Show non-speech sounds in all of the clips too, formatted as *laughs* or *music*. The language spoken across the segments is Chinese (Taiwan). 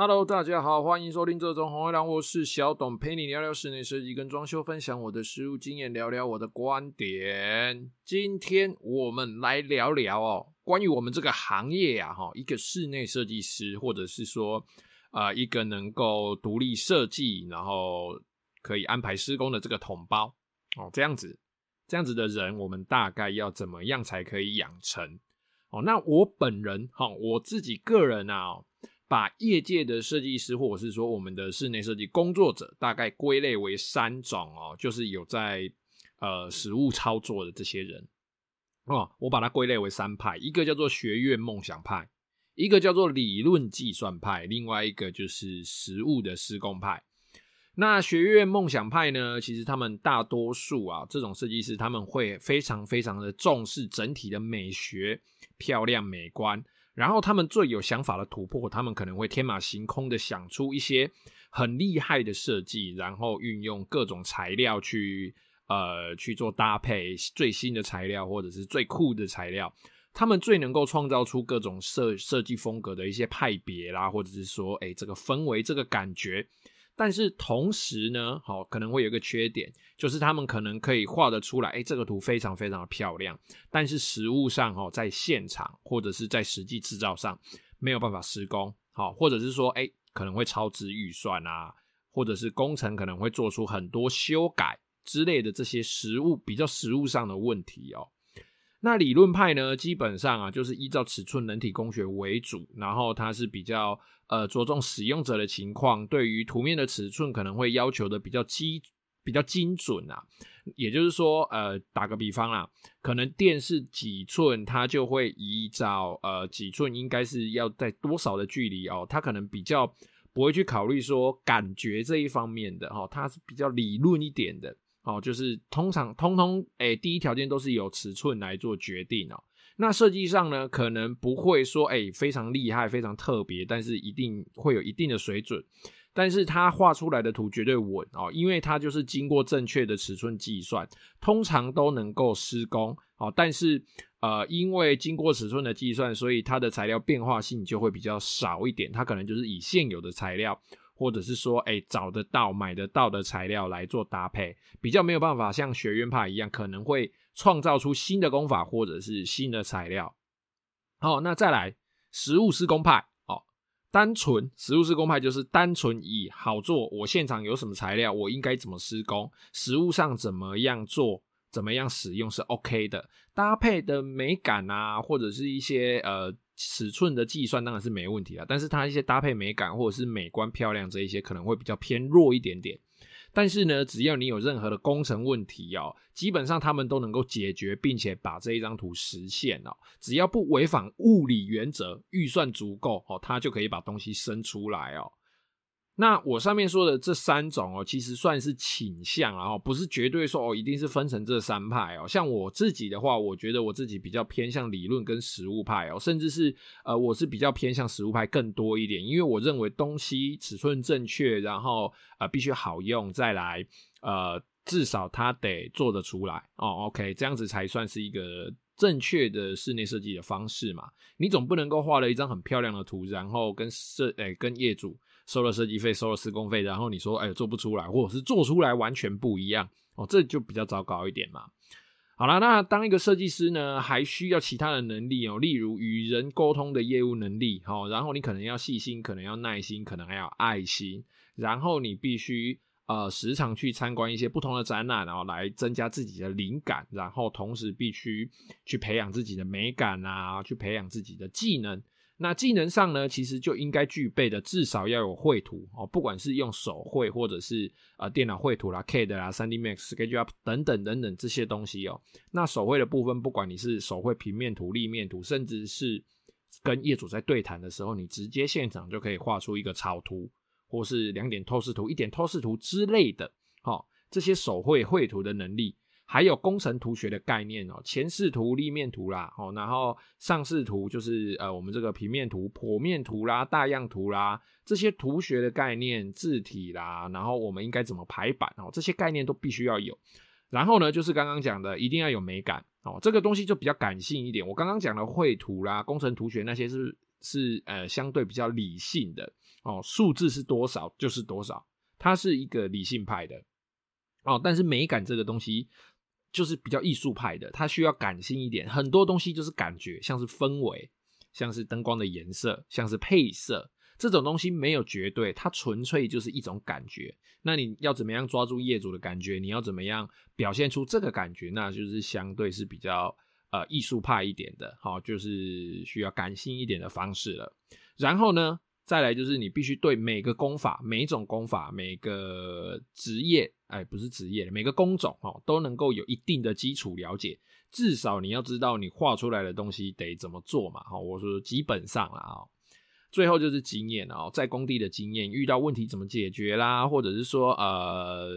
Hello，大家好，歡迎收聽這《這種紅月亮》，我是小董，陪你聊聊室內設計跟裝修，分享我的實務經驗，聊聊我的觀點。今天我們來聊聊哦，關於我們這個行業呀，哈，一個室內設計師，或者是說、呃，一個能夠獨立設計，然後可以安排施工的這個統包，哦，這樣子，這樣子的人，我們大概要怎麼樣才可以養成？哦，那我本人，哈、哦，我自己個人啊。把業界的設計師，或者是說我們的室內設計工作者，大概歸類為三種哦，就是有在呃實務操作的這些人哦，我把它歸類為三派，一個叫做學院夢想派，一個叫做理論計算派，另外一個就是實務的施工派。那學院夢想派呢，其實他們大多數啊，這種設計師他們會非常非常的重視整體的美學，漂亮美觀。然後他們最有想法的突破，他們可能會天馬行空的想出一些很厲害的設計，然後運用各種材料去呃去做搭配，最新的材料或者是最酷的材料，他們最能夠創造出各種設設計風格的一些派別啦，或者是說，誒，這個氛圍，這個感覺。但是同時呢，好、哦、可能會有一個缺點，就是他們可能可以畫得出來，哎、欸，這個圖非常非常的漂亮。但是實務上，哦，在現場或者是在實際製造上，沒有辦法施工，好、哦，或者是說，哎、欸，可能會超支預算啊，或者是工程可能會做出很多修改之類的這些實務比較實務上的問題哦。那理論派呢，基本上啊，就是依照尺寸人體工學為主，然後它是比較。呃，着重使用者的情況，對於圖面的尺寸可能會要求的比較精，比較精準啊。也就是說，呃，打個比方啦、啊，可能電視幾寸，它就會依照呃幾寸，應該是要在多少的距離哦，它可能比較不會去考慮說感覺這一方面的哦，它是比較理論一點的哦，就是通常通通哎、呃，第一條件都是由尺寸來做決定哦。那設計上呢，可能不會說，誒、欸、非常厲害，非常特別，但是一定會有一定的水準。但是他畫出來的圖絕對穩哦，因為它就是經過正確的尺寸計算，通常都能夠施工哦。但是，呃，因為經過尺寸的計算，所以它的材料變化性就會比較少一點。它可能就是以現有的材料，或者是說，誒、欸、找得到、買得到的材料來做搭配，比較沒有辦法像學院派一樣，可能會。創造出新的工法，或者是新的材料。好，那再來實務施工派。哦，單純實務施工派就是單純以好做，我現場有什麼材料，我應該怎麼施工，實務上怎麼樣做，怎麼樣使用是 OK 的。搭配的美感啊，或者是一些呃尺寸的計算，當然是沒問題了。但是它，一些搭配美感或者是美觀漂亮這一些，可能會比較偏弱一點點。但是呢，只要你有任何的工程問題哦，基本上他們都能夠解決，並且把這一張圖實現哦。只要不違反物理原則，預算足夠哦，他就可以把東西生出來哦。那我上面說的這三種哦，其實算是傾向、啊哦，然後不是絕對說哦，一定是分成這三派哦。像我自己的話，我覺得我自己比較偏向理論跟實務派哦，甚至是呃，我是比較偏向實務派更多一點，因為我認為東西尺寸正確，然後呃必須好用，再來呃，至少它得做得出來哦。OK，這樣子才算是一個正確的室內設計的方式嘛？你總不能夠畫了一張很漂亮的圖，然後跟設誒、欸、跟業主。收了設計費，收了施工費，然後你說、哎、做不出來，或者是做出來完全不一樣哦，這就比較糟糕一點嘛。好啦，那當一個設計師呢，還需要其他的能力哦，例如與人溝通的業務能力，哦、然後你可能要細心，可能要耐心，可能還要愛心，然後你必須呃時常去參觀一些不同的展覽啊，然後來增加自己的靈感，然後同時必須去培養自己的美感啊，去培養自己的技能。那技能上呢，其實就應該具備的，至少要有繪圖哦，不管是用手繪或者是呃電腦繪圖啦，CAD 啦、3D Max、SketchUp 等等等等這些東西哦。那手繪的部分，不管你是手繪平面圖、立面圖，甚至是跟業主在對談的時候，你直接現場就可以畫出一個草圖，或是兩點透視圖、一點透視圖之類的，哦，這些手繪繪圖的能力。還有工程圖學的概念哦，前視圖、立面圖啦，哦，然後上視圖就是呃，我們這個平面圖、剖面圖啦、大樣圖啦，這些圖學的概念、字體啦，然後我們應該怎麼排版哦，這些概念都必須要有。然後呢，就是剛剛講的，一定要有美感哦，這個東西就比較感性一點。我剛剛講的繪圖啦、工程圖學那些是是呃，相對比較理性的哦，數字是多少就是多少，它是一個理性派的哦，但是美感這個東西。就是比較藝術派的，它需要感性一點，很多東西就是感覺，像是氛圍，像是燈光的顏色，像是配色，這種東西沒有絕對，它純粹就是一種感覺。那你要怎麼樣抓住業主的感覺？你要怎麼樣表現出這個感覺？那就是相對是比較呃藝術派一點的，齁，就是需要感性一點的方式了。然後呢？再來就是，你必須對每個工法，每一種工法，每個職業，哎，不是職業，每個工種哦，都能夠有一定的基礎了解。至少你要知道，你畫出來的東西得怎麼做嘛。哈，我說說基本上了啊。最後就是經驗哦，在工地的經驗，遇到問題怎麼解決啦，或者是說，呃，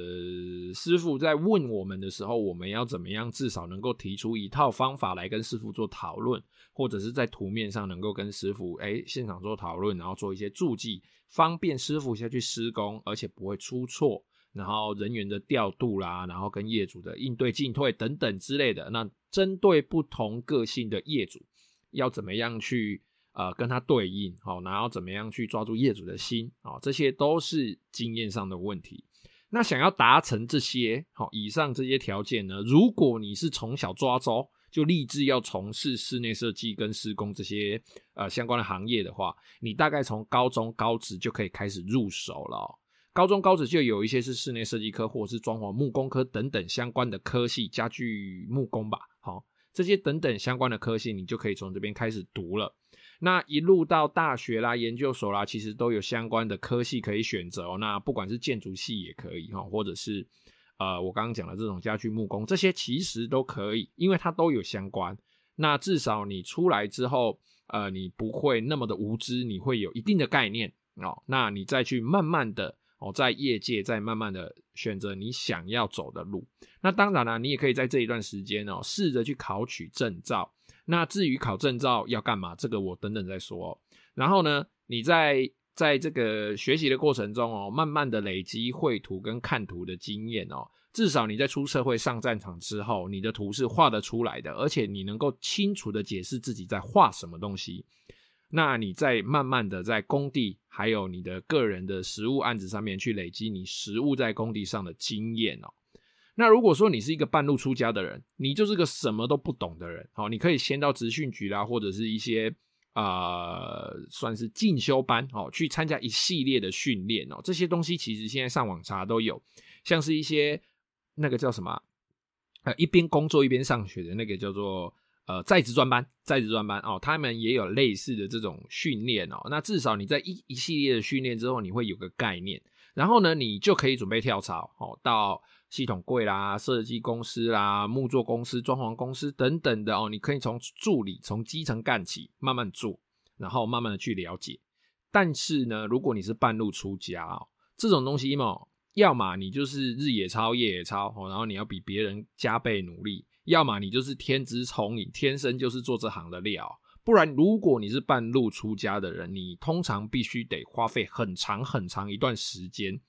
師傅在問我們的時候，我們要怎麼樣，至少能夠提出一套方法來跟師傅做討論，或者是在圖面上能夠跟師傅哎、欸、現場做討論，然後做一些注記，方便師傅下去施工，而且不會出錯。然後人員的調度啦，然後跟業主的應對進退等等之類的。那針對不同個性的業主，要怎麼樣去？呃，跟它對應好、哦，然後怎麼樣去抓住業主的心啊、哦。這些都是經驗上的問題。那想要達成這些好、哦，以上這些條件呢？如果你是從小抓着，就立志要從事室內設計跟施工這些呃相關的行業的話，你大概從高中高職就可以開始入手了、哦。高中高職就有一些是室內設計科，或者是裝潢木工科等等相關的科系，家具木工吧。好、哦，這些等等相關的科系，你就可以從這邊開始讀了。那一路到大學啦、研究所啦，其實都有相關的科系可以選擇、喔。那不管是建築系也可以哈、喔，或者是呃，我剛剛講的這種家具木工，這些其實都可以，因為它都有相關。那至少你出來之後，呃，你不會那麼的無知，你會有一定的概念、喔。那你再去慢慢的哦、喔，在業界再慢慢的選擇你想要走的路。那當然啦、啊，你也可以在這一段時間哦、喔，試着去考取證照。那至於考證照要幹嘛，這個我等等再說哦。然後呢，你在在這個學習的過程中哦，慢慢的累積繪圖跟看圖的經驗哦。至少你在出社會上戰場之後，你的圖是畫得出來的，而且你能夠清楚的解釋自己在畫什麼東西。那你再慢慢的在工地，還有你的個人的實務案子上面去累積你實務在工地上的經驗哦。那如果說你是一個半路出家的人，你就是個什麼都不懂的人。好，哦，你可以先到職訓局啦，或者是一些呃，算是進修班哦，去參加一系列的訓練哦。這些東西其實現在上網查都有，像是一些那個叫什麼呃，一邊工作一邊上學的那個叫做呃在職專班，在職專班哦，他們也有類似的這種訓練哦。那至少你在一一系列的訓練之後，你會有個概念，然後呢，你就可以準備跳槽哦，到。系統櫃啦，設計公司啦，木作公司、裝潢公司等等的哦、喔，你可以從助理、從基層幹起，慢慢做，然後慢慢的去了解。但是呢，如果你是半路出家哦，這種東西嘛，要麼你就是日也超，夜也超，然後你要比別人加倍努力，要麼你就是天資聰穎，天生就是做這行的料。不然，如果你是半路出家的人，你通常必須得花費很長很長一段時間。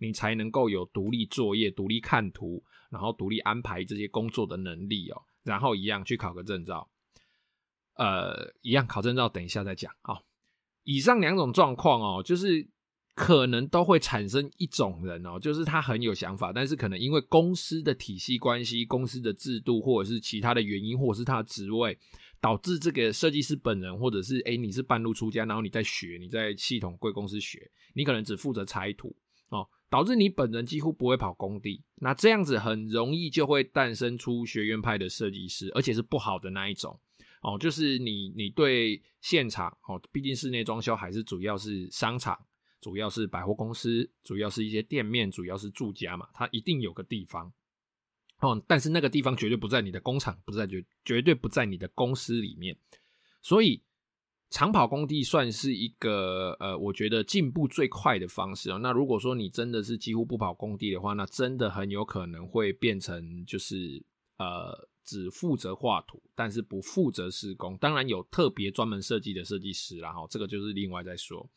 你才能夠有獨立作業、獨立看圖，然後獨立安排這些工作的能力哦、喔。然後一樣去考個證照，呃，一樣考證照，等一下再講啊、哦。以上兩種狀況哦，就是可能都會產生一種人哦、喔，就是他很有想法，但是可能因為公司的體系關係、公司的制度，或者是其他的原因，或者是他的職位，導致這個設計師本人，或者是誒、欸，你是半路出家，然後你在學，你在系統貴公司學，你可能只負責拆圖。哦，導致你本人幾乎不會跑工地，那這樣子很容易就會誕生出學院派的設計師，而且是不好的那一種。哦，就是你，你對現場，哦，畢竟室內裝修還是主要是商場，主要是百貨公司，主要是一些店面，主要是住家嘛，它一定有個地方。哦，但是那個地方絕對不在你的工廠，不在絕，絕對不在你的公司裡面，所以。長跑工地算是一個呃，我覺得進步最快的方式哦。那如果說你真的是幾乎不跑工地的話，那真的很有可能會變成就是呃，只負責畫圖，但是不負責施工。當然有特別專門設計的設計師，然後這個就是另外再說。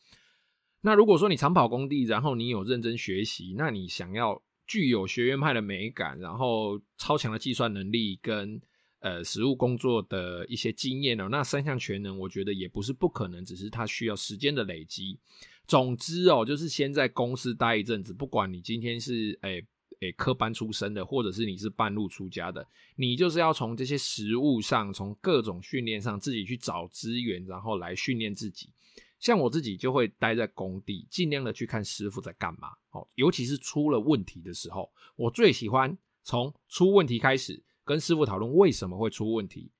那如果說你長跑工地，然後你有認真學習，那你想要具有學院派的美感、然後超強的計算能力跟。呃，實務工作的一些經驗哦，那三項全能，我覺得也不是不可能，只是它需要時間的累積。總之哦，就是先在公司待一陣子，不管你今天是誒誒、欸欸、科班出身的，或者是你是半路出家的，你就是要從這些實務上，從各種訓練上，自己去找資源，然後來訓練自己。像我自己就會待在工地，盡量的去看師傅在幹嘛。哦，尤其是出了問題的時候，我最喜歡從出問題開始。跟師傅討論為什麼會出問題，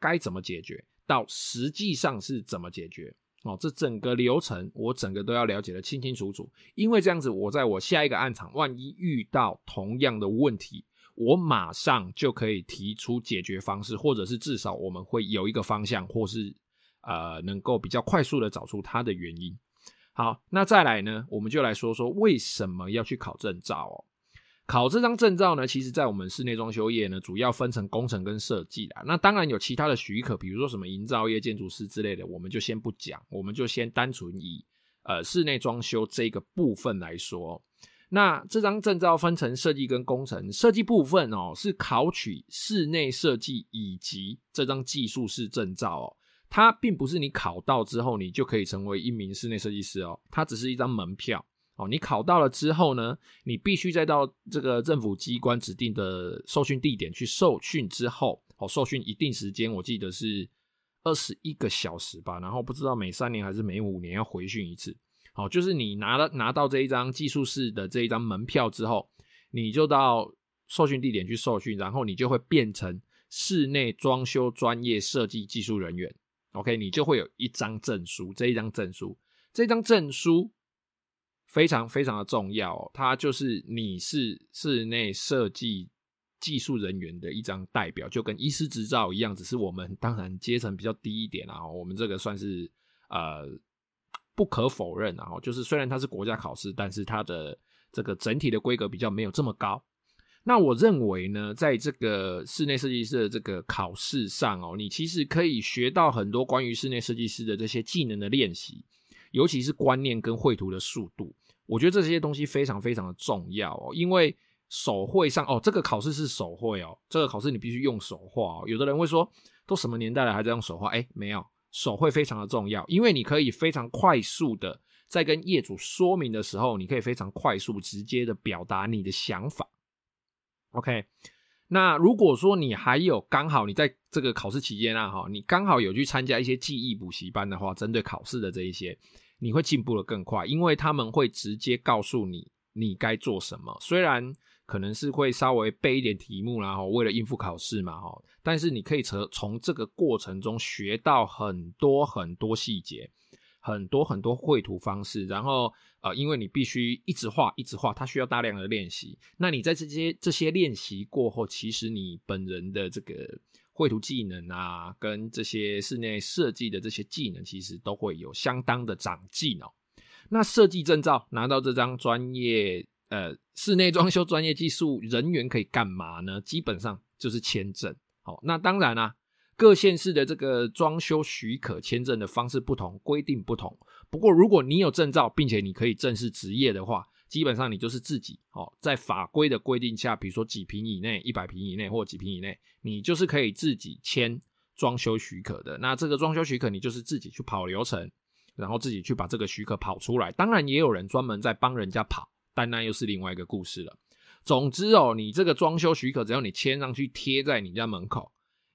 該怎麼解決，到實際上是怎麼解決哦，這整個流程我整個都要了解得清清楚楚，因為這樣子我在我下一個案場萬一遇到同樣的問題，我馬上就可以提出解決方式，或者是至少我們會有一個方向，或是呃能夠比較快速地找出它的原因。好，那再來呢，我們就來說說為什麼要去考證照哦。考這張證照呢，其實在我們室內裝修業呢，主要分成工程跟設計啦，那當然有其他的許可，比如說什麼營造業、建築師之類的，我們就先不講，我們就先單純以，呃，室內裝修這個部分來說。那這張證照分成設計跟工程，設計部分喔，是考取室內設計以及這張技術士證照喔。它並不是你考到之後你就可以成為一名室內設計師喔，它只是一張門票。哦，你考到了之後呢，你必須再到這個政府機關指定的受訓地點去受訓之後，哦，受訓一定時間，我記得是二十一個小時吧。然後不知道每三年還是每五年要回訓一次。哦，就是你拿了拿到這一張技術士的這一張門票之後，你就到受訓地點去受訓，然後你就會變成室內裝修專業設計技術人員。OK，你就會有一張證書，這一張證書，這一張證書。非常非常的重要哦，它就是你是室內設計技術人員的一張代表，就跟醫師執照一樣，只是我們當然階層比較低一點啦啊，我們這個算是呃不可否認，啊，就是雖然它是國家考試，但是它的這個整體的規格比較沒有這麼高。那我認為呢，在這個室內設計師的這個考試上哦，你其實可以學到很多關於室內設計師的這些技能的練習，尤其是觀念跟繪圖的速度。我覺得這些東西非常非常的重要哦，因為手繪上哦，這個考試是手繪哦，這個考試你必須用手畫哦。有的人會說，都什麼年代了還在用手畫？哎，沒有，手繪非常的重要，因為你可以非常快速的在跟業主說明的時候，你可以非常快速、直接的表達你的想法。OK，那如果說你還有剛好你在這個考試期間啊，哈，你剛好有去參加一些記憶補習班的話，針對考試的這一些。你會進步的更快，因為他們會直接告訴你，你該做什麼。雖然可能是會稍微背一點題目，然後為了應付考試嘛，哈，但是你可以從從這個過程中學到很多很多細節。很多很多繪圖方式，然後呃，因為你必須一直畫一直畫，它需要大量的練習。那你在這些這些練習過後，其實你本人的這個繪圖技能啊，跟這些室內設計的這些技能，其實都會有相當的長進哦。那設計證照拿到這張專業呃室內裝修專業技術人員可以幹嘛呢？基本上就是簽證。好，哦，那當然啊。各縣市的這個裝修許可簽證的方式不同，規定不同。不過，如果你有證照，並且你可以正式執業的話，基本上你就是自己哦，在法規的規定下，比如說幾坪以內、一百坪以內或幾坪以內，你就是可以自己簽裝修許可的。那這個裝修許可，你就是自己去跑流程，然後自己去把這個許可跑出來。當然，也有人專門在幫人家跑，但那又是另外一個故事了。總之哦，你這個裝修許可，只要你簽上去，貼在你家門口。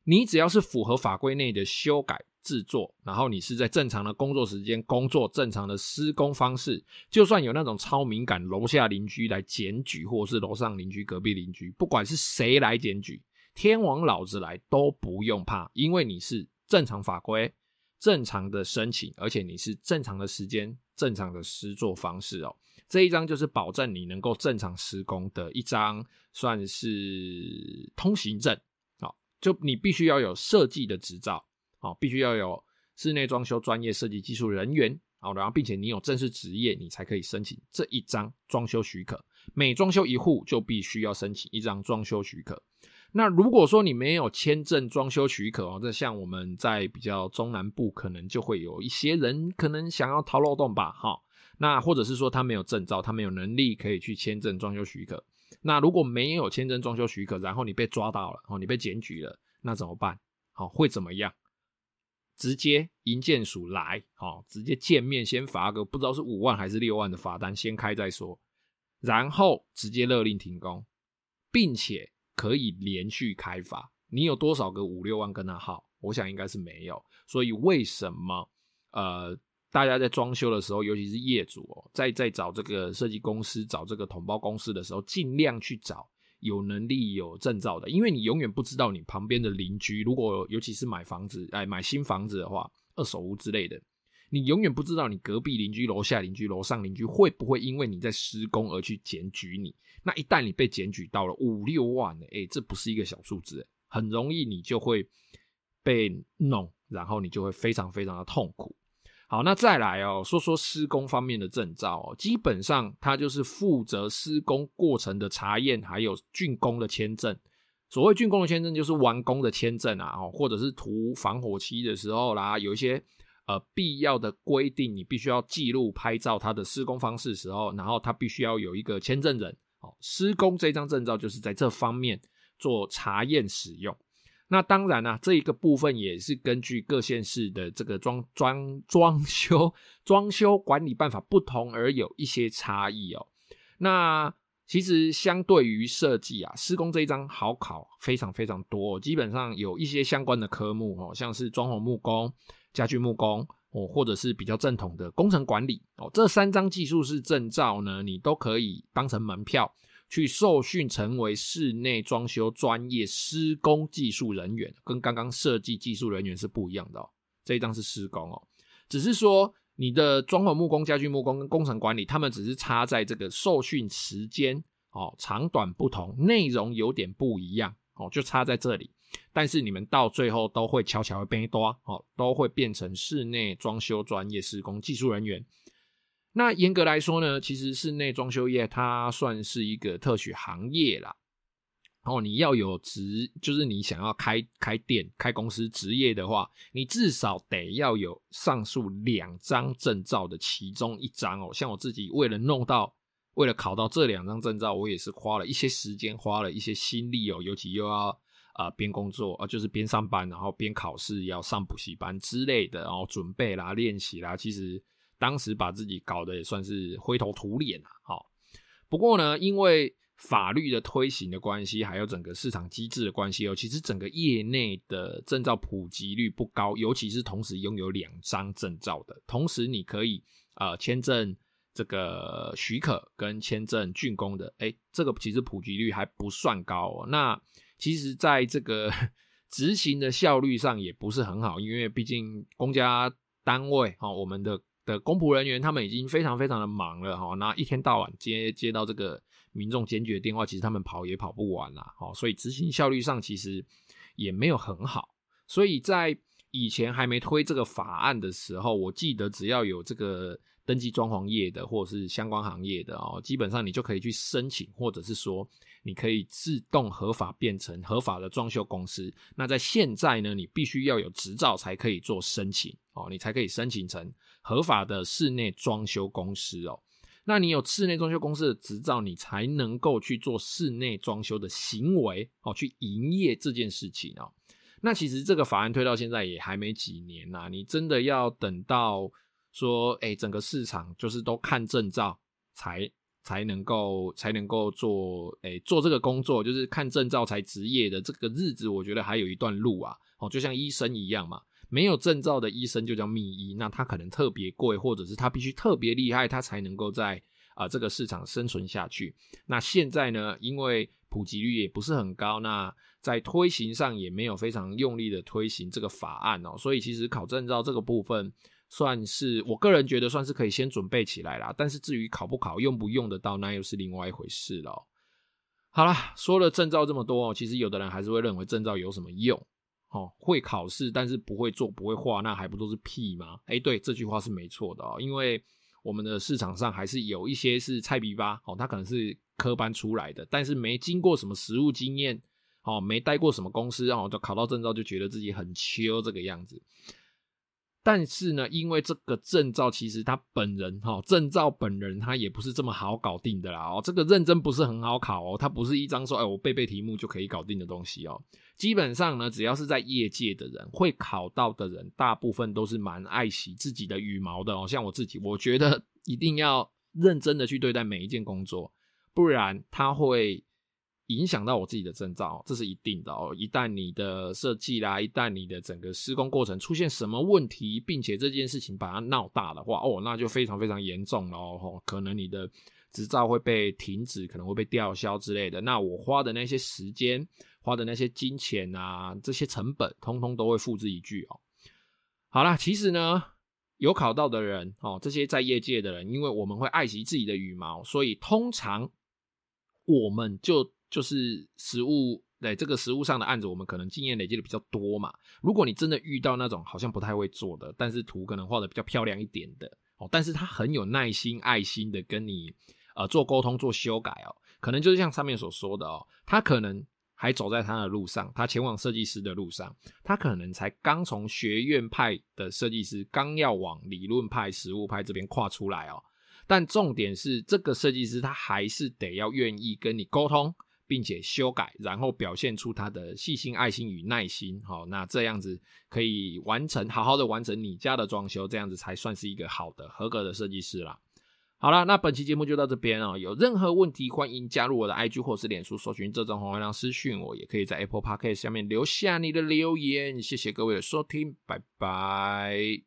你只要是符合法規內的修改制作，然後你是在正常的工作時間工作，正常的施工方式，就算有那種超敏感樓下鄰居來檢舉，或者是樓上鄰居、隔壁鄰居，不管是誰來檢舉，天王老子來都不用怕，因為你是正常法規、正常的申請，而且你是正常的時間、正常的施作方式哦。這一張就是保證你能夠正常施工的一張，算是通行證。就你必須要有設計的執照，啊，必須要有室內裝修專業設計技術人員，啊，然後並且你有正式職業，你才可以申請這一張裝修許可。每裝修一戶就必須要申請一張裝修許可。那如果說你沒有簽證裝修許可，哦，這像我們在比較中南部，可能就會有一些人可能想要逃漏洞吧，哈。那或者是說他沒有證照，他沒有能力可以去簽證裝修許可。那如果沒有簽證裝修許可，然後你被抓到了，哦，你被檢舉了，那怎麼辦？好，會怎麼樣？直接營建署來，好，直接見面，先罰個不知道是五萬還是六萬的罰單，先開再說，然後直接勒令停工，並且可以連續開罰。你有多少個五六萬跟他耗？我想應該是沒有。所以為什麼？呃。大家在裝修的時候，尤其是業主哦、喔，在在找這個設計公司、找這個統包公司的時候，盡量去找有能力、有證照的，因為你永遠不知道你旁邊的鄰居，如果尤其是買房子，哎，買新房子的話，二手屋之類的，你永遠不知道你隔壁鄰居、樓下鄰居、樓上鄰居會不會因為你在施工而去檢舉你。那一旦你被檢舉到了五六萬呢、欸，哎、欸，這不是一個小數字、欸，很容易你就會被弄，然後你就會非常非常的痛苦。好，那再來哦，說說施工方面的證照哦，基本上，它就是負責施工過程的查驗，還有竣工的簽證。所謂竣工的簽證，就是完工的簽證啊，哦，或者是塗防火漆的時候啦，有一些呃必要的規定，你必須要記錄、拍照，它的施工方式的時候，然後它必須要有一個簽證人。哦，施工這張證照就是在這方面做查驗使用。那當然啦、啊，這一個部分也是根據各縣市的這個裝裝裝修裝修管理辦法不同而有一些差異哦。那其實相對於設計啊，施工這一張好考非常非常多、哦，基本上有一些相關的科目哦，像是裝潢木工、家具木工哦，或者是比較正統的工程管理哦，這三張技術士證照呢，你都可以當成門票。去受訓成為室內裝修專業施工技術人員，跟剛剛設計技術人員是不一樣的哦。這一張是施工哦，只是說你的裝潢木工、家具木工跟工程管理，他們只是差在這個受訓時間哦，長短不同，內容有點不一樣哦，就差在這裡。但是你們到最後都會悄悄地變多哦，都會變成室內裝修專業施工技術人員。那嚴格來說呢，其實室內裝修業它算是一個特許行業啦。然後你要有職，就是你想要開開店、開公司、執業的話，你至少得要有上述兩張證照的其中一張哦、喔。像我自己為了弄到、為了考到這兩張證照，我也是花了一些時間、花了一些心力哦、喔。尤其又要啊邊、呃、工作啊、呃，就是邊上班，然後邊考試，要上補習班之類的，然後準備啦、練習啦，其實。當時把自己搞得也算是灰頭土臉了、啊哦、不過呢，因為法律的推行的關係，還有整個市場機制的關係哦，其實整個業內的證照普及率不高，尤其是同時擁有兩張證照的，同時你可以呃簽證這個許可跟簽證竣工的，哎，這個其實普及率還不算高哦。那其實，在這個執 *laughs* 行的效率上也不是很好，因為畢竟公家單位啊、哦，我們的。的公僕人員他們已經非常非常的忙了哈，那一天到晚接接到這個民眾堅決電話，其實他們跑也跑不完了，哈，所以執行效率上其實也沒有很好。所以在以前還沒推這個法案的時候，我記得只要有這個登記裝潢業的或者是相關行業的哦，基本上你就可以去申請或者是說。你可以自動合法變成合法的裝修公司。那在現在呢？你必須要有執照才可以做申請哦，你才可以申請成合法的室內裝修公司哦。那你有室內裝修公司的執照，你才能夠去做室內裝修的行為哦，去營業這件事情哦。那其實這個法案推到現在也還沒幾年吶、啊，你真的要等到說，哎、欸，整個市場就是都看證照才。才能夠才能夠做，誒、欸、做這個工作，就是看證照才執業的這個日子，我覺得還有一段路啊。哦，就像醫生一樣嘛，沒有證照的醫生就叫密醫，那他可能特別貴，或者是他必須特別厲害，他才能夠在啊、呃、這個市場生存下去。那現在呢，因為普及率也不是很高，那在推行上也沒有非常用力的推行這個法案哦，所以其實考證照這個部分。算是我個人覺得算是可以先準備起來啦。但是至於考不考、用不用得到，那又是另外一回事了、喔。好啦，說了證照這麼多哦，其實有的人還是會認為證照有什麼用哦、喔？會考試，但是不會做、不會畫，那還不都是屁嗎？哎、欸，對，這句話是沒錯的哦、喔。因為我們的市場上還是有一些是菜皮吧，哦、喔，他可能是科班出來的，但是沒經過什麼實務經驗哦、喔，沒待過什麼公司哦、喔，就考到證照就覺得自己很秋這個樣子。但是呢，因為這個證照其實他本人哈，證照本人他也不是這麼好搞定的啦哦，這個認證不是很好考哦，它不是一張說哎我背背題目就可以搞定的東西哦。基本上呢，只要是在業界的人會考到的人，大部分都是蠻愛惜自己的羽毛的哦。像我自己，我覺得一定要認真的去對待每一件工作，不然他會。影響到我自己的證照，這是一定的哦。一旦你的設計啦，一旦你的整個施工過程出現什麼問題，並且這件事情把它鬧大的話，哦，那就非常非常嚴重嘍。哦，可能你的執照會被停止，可能會被吊銷之類的。那我花的那些時間，花的那些金錢啊，這些成本，通通都會付之一炬哦。好啦，其實呢，有考到的人哦，這些在業界的人，因為我們會愛惜自己的羽毛，所以通常我們就。就是實務，對，這個實務上的案子，我們可能經驗累積的比較多嘛。如果你真的遇到那種好像不太會做的，但是圖可能畫得比較漂亮一點的哦，但是他很有耐心、愛心的跟你呃做溝通、做修改哦。可能就是像上面所說的哦，他可能還走在他的路上，他前往設計師的路上，他可能才剛從學院派的設計師剛要往理論派、實務派這邊跨出來哦。但重點是，這個設計師他還是得要願意跟你溝通。並且修改，然後表現出他的細心、愛心與耐心。好、哦，那這樣子可以完成，好好的完成你家的裝修，這樣子才算是一個好的、合格的設計師啦。好啦，那本期節目就到這邊哦。有任何問題，歡迎加入我的 IG 或是臉書，搜尋“這張紅衛亮”私訊我，也可以在 Apple Podcast 下面留下你的留言。謝謝各位的收聽，拜拜。